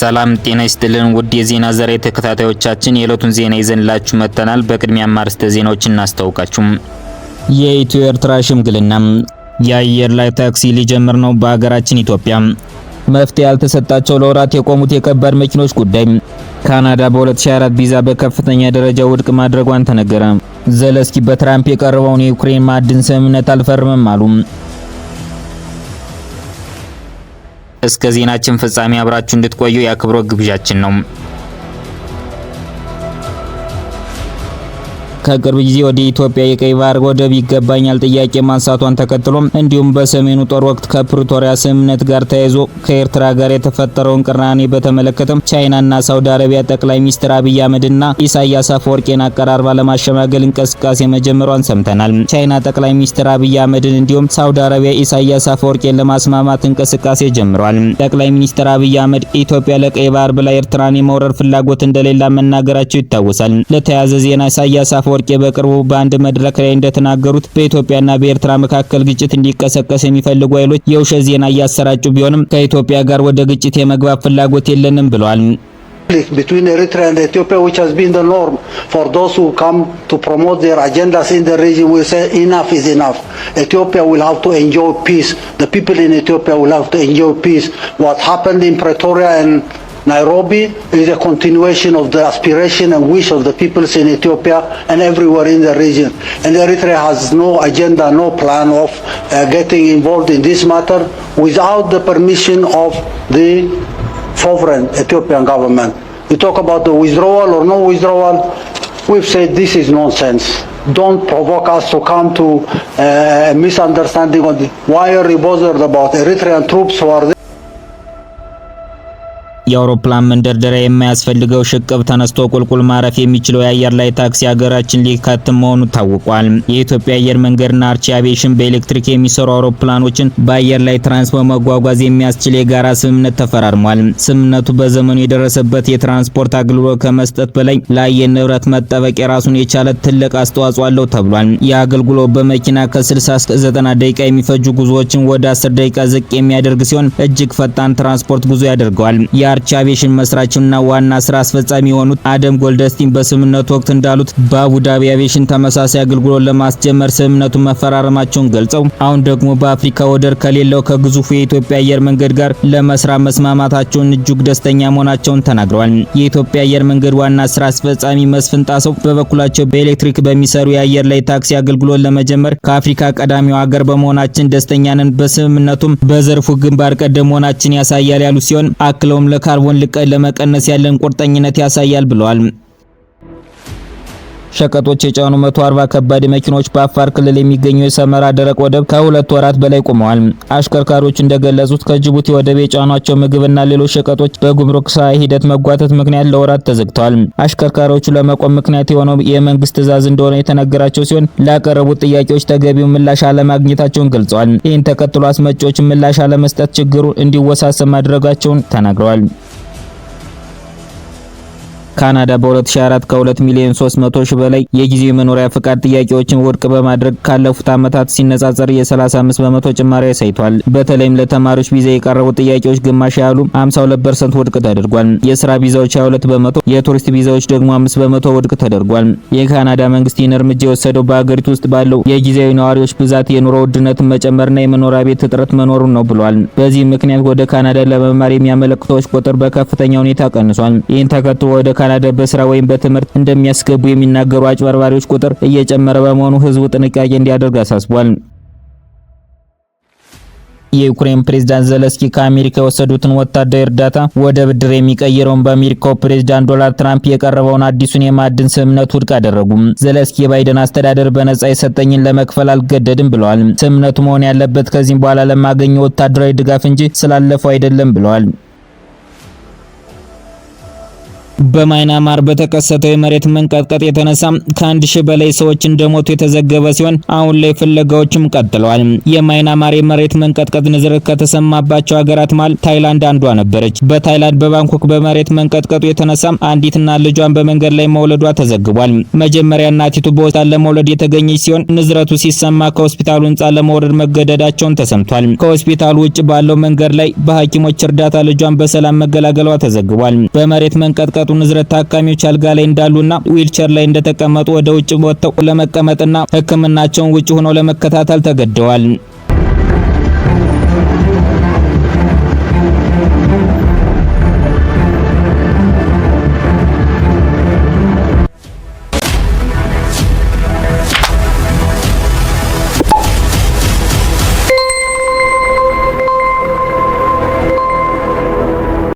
ሰላም ጤና ይስጥልን ውድ የዜና ዘሬ ተከታታዮቻችን የዕለቱን ዜና ይዘንላችሁ መጥተናል። በቅድሚያ አርዕስተ ዜናዎች እናስታውቃችሁም። የኢትዮ ኤርትራ ሽምግልና የአየር ላይ ታክሲ ሊጀምር ነው በሀገራችን ኢትዮጵያ። መፍትሄ ያልተሰጣቸው ለወራት የቆሙት የከባድ መኪኖች ጉዳይ ካናዳ በ2024 ቪዛ በከፍተኛ ደረጃ ውድቅ ማድረጓን ተነገረ። ዘለስኪ በትራምፕ የቀረበውን የዩክሬን ማዕድን ስምምነት አልፈርምም አሉ። እስከ ዜናችን ፍጻሜ አብራችሁ እንድትቆዩ የአክብሮት ግብዣችን ነው። ከቅርብ ጊዜ ወደ ኢትዮጵያ የቀይ ባህር ወደብ ይገባኛል ጥያቄ ማንሳቷን ተከትሎም እንዲሁም በሰሜኑ ጦር ወቅት ከፕሪቶሪያ ስምምነት ጋር ተያይዞ ከኤርትራ ጋር የተፈጠረውን ቅራኔ በተመለከተም ቻይናና ሳውዲ አረቢያ ጠቅላይ ሚኒስትር አብይ አህመድና ኢሳያስ አፈወርቄን አቀራርባ ለማሸማገል እንቅስቃሴ መጀመሯን ሰምተናል። ቻይና ጠቅላይ ሚኒስትር አብይ አህመድን እንዲሁም ሳውዲ አረቢያ ኢሳያስ አፈወርቄን ለማስማማት እንቅስቃሴ ጀምሯል። ጠቅላይ ሚኒስትር አብይ አህመድ ኢትዮጵያ ለቀይ ባህር ብላ ኤርትራን የመውረር ፍላጎት እንደሌላ መናገራቸው ይታወሳል። ለተያያዘ ዜና ኢሳያስ አፈወርቄ አፈወርቂ በቅርቡ በአንድ መድረክ ላይ እንደተናገሩት በኢትዮጵያና በኤርትራ መካከል ግጭት እንዲቀሰቀስ የሚፈልጉ ኃይሎች የውሸት ዜና እያሰራጩ ቢሆንም ከኢትዮጵያ ጋር ወደ ግጭት የመግባት ፍላጎት የለንም ብለዋል። between Eritrea and Ethiopia which has been the norm for those who come to promote their agendas in the region we say enough is enough Ethiopia will have to enjoy peace the people in Ethiopia will have to enjoy peace what happened in Pretoria and Nairobi is a continuation of the aspiration and wish of the peoples in Ethiopia and everywhere in the region. And Eritrea has no agenda, no plan of uh, getting involved in this matter without the permission of the sovereign Ethiopian government. You talk about the withdrawal or no withdrawal, we've said this is nonsense don't provoke us to come to uh, misunderstanding on why are you bothered about Eritrean troops who are የአውሮፕላን መንደርደሪያ የማያስፈልገው ሽቅብ ተነስቶ ቁልቁል ማረፍ የሚችለው የአየር ላይ ታክሲ ሀገራችን ሊካትም መሆኑ ታውቋል። የኢትዮጵያ አየር መንገድና አርቺ አቪዬሽን በኤሌክትሪክ የሚሰሩ አውሮፕላኖችን በአየር ላይ ትራንስፖርት መጓጓዝ የሚያስችል የጋራ ስምምነት ተፈራርሟል። ስምምነቱ በዘመኑ የደረሰበት የትራንስፖርት አገልግሎት ከመስጠት በላይ ለአየር ንብረት መጠበቅ የራሱን የቻለ ትልቅ አስተዋጽኦ አለው ተብሏል። የአገልግሎት በመኪና ከ60 እስከ 90 ደቂቃ የሚፈጁ ጉዞዎችን ወደ 10 ደቂቃ ዝቅ የሚያደርግ ሲሆን እጅግ ፈጣን ትራንስፖርት ጉዞ ያደርገዋል። ዳች አቪዬሽን መስራችና ዋና ስራ አስፈጻሚ የሆኑት አደም ጎልደስቲን በስምምነቱ ወቅት እንዳሉት በአቡዳቢ አቪዬሽን ተመሳሳይ አገልግሎት ለማስጀመር ስምምነቱን መፈራረማቸውን ገልጸው አሁን ደግሞ በአፍሪካ ወደር ከሌለው ከግዙፉ የኢትዮጵያ አየር መንገድ ጋር ለመስራ መስማማታቸውን እጅግ ደስተኛ መሆናቸውን ተናግረዋል። የኢትዮጵያ አየር መንገድ ዋና ስራ አስፈጻሚ መስፍን ጣሰው በበኩላቸው በኤሌክትሪክ በሚሰሩ የአየር ላይ ታክሲ አገልግሎት ለመጀመር ከአፍሪካ ቀዳሚው ሀገር በመሆናችን ደስተኛ ነን፣ በስምምነቱም በዘርፉ ግንባር ቀደም መሆናችን ያሳያል ያሉ ሲሆን አክለውም ካርቦን ልቀት ለመቀነስ ያለን ቁርጠኝነት ያሳያል ብለዋል። ሸቀጦች የጫኑ 140 ከባድ መኪኖች በአፋር ክልል የሚገኘው የሰመራ ደረቅ ወደብ ከሁለት ወራት በላይ ቆመዋል። አሽከርካሪዎች እንደገለጹት ከጅቡቲ ወደብ የጫኗቸው ምግብና ሌሎች ሸቀጦች በጉምሩክ ስራ ሂደት መጓተት ምክንያት ለወራት ተዘግተዋል። አሽከርካሪዎቹ ለመቆም ምክንያት የሆነው የመንግስት ትዕዛዝ እንደሆነ የተነገራቸው ሲሆን ላቀረቡት ጥያቄዎች ተገቢው ምላሽ አለማግኘታቸውን ገልጸዋል። ይህን ተከትሎ አስመጪዎች ምላሽ አለመስጠት ችግሩ እንዲወሳሰብ ማድረጋቸውን ተናግረዋል። ካናዳ በ2004 ከ2 ሚሊዮን 300 ሺህ በላይ የጊዜ መኖሪያ ፍቃድ ጥያቄዎችን ውድቅ በማድረግ ካለፉት ዓመታት ሲነጻጸር የ35 በመቶ ጭማሪ አሳይቷል። በተለይም ለተማሪዎች ቪዛ የቀረቡ ጥያቄዎች ግማሽ ያሉ 52% ውድቅ ተደርጓል። የስራ ቪዛዎች 22 በመቶ፣ የቱሪስት ቪዛዎች ደግሞ 5 በመቶ ውድቅ ተደርጓል። የካናዳ መንግስት ይህን እርምጃ የወሰደው በሀገሪቱ ውስጥ ባለው የጊዜያዊ ነዋሪዎች ብዛት፣ የኑሮ ውድነትን መጨመርና የመኖሪያ ቤት እጥረት መኖሩን ነው ብሏል። በዚህም ምክንያት ወደ ካናዳ ለመማር የሚያመለክቶች ቁጥር በከፍተኛ ሁኔታ ቀንሷል። ይህን ተከትሎ ወደ ካናዳ በስራ ወይም በትምህርት እንደሚያስገቡ የሚናገሩ አጭበርባሪዎች ቁጥር እየጨመረ በመሆኑ ህዝቡ ጥንቃቄ እንዲያደርግ አሳስቧል። የዩክሬን ፕሬዝዳንት ዘለንስኪ ከአሜሪካ የወሰዱትን ወታደራዊ እርዳታ ወደ ብድር የሚቀይረውን በአሜሪካው ፕሬዝዳንት ዶናልድ ትራምፕ የቀረበውን አዲሱን የማዕድን ስምምነት ውድቅ አደረጉም። ዘለንስኪ የባይደን አስተዳደር በነጻ የሰጠኝን ለመክፈል አልገደድም ብለዋል። ስምምነቱ መሆን ያለበት ከዚህም በኋላ ለማገኘው ወታደራዊ ድጋፍ እንጂ ስላለፈው አይደለም ብለዋል። በማይናማር በተከሰተው የመሬት መንቀጥቀጥ የተነሳ ከአንድ ሺህ በላይ ሰዎች እንደሞቱ የተዘገበ ሲሆን አሁን ላይ ፍለጋዎችም ቀጥለዋል። የማይናማር የመሬት መንቀጥቀጥ ንዝረት ከተሰማባቸው ሀገራት መሃል ታይላንድ አንዷ ነበረች። በታይላንድ በባንኮክ በመሬት መንቀጥቀጡ የተነሳ አንዲትና ልጇን በመንገድ ላይ መውለዷ ተዘግቧል። መጀመሪያ እናቲቱ በሆስፒታል ለመውለድ የተገኘች ሲሆን ንዝረቱ ሲሰማ ከሆስፒታሉ ህንፃ ለመውረድ መገደዳቸውን ተሰምቷል። ከሆስፒታሉ ውጭ ባለው መንገድ ላይ በሐኪሞች እርዳታ ልጇን በሰላም መገላገሏ ተዘግቧል። በመሬት መንቀጥቀጥ የተቀጠቀጡ ንዝረት ታካሚዎች አልጋ ላይ እንዳሉና ዊልቸር ላይ እንደተቀመጡ ወደ ውጭ ወጥተው ለመቀመጥና ሕክምናቸውን ውጭ ሆነው ለመከታተል ተገደዋል።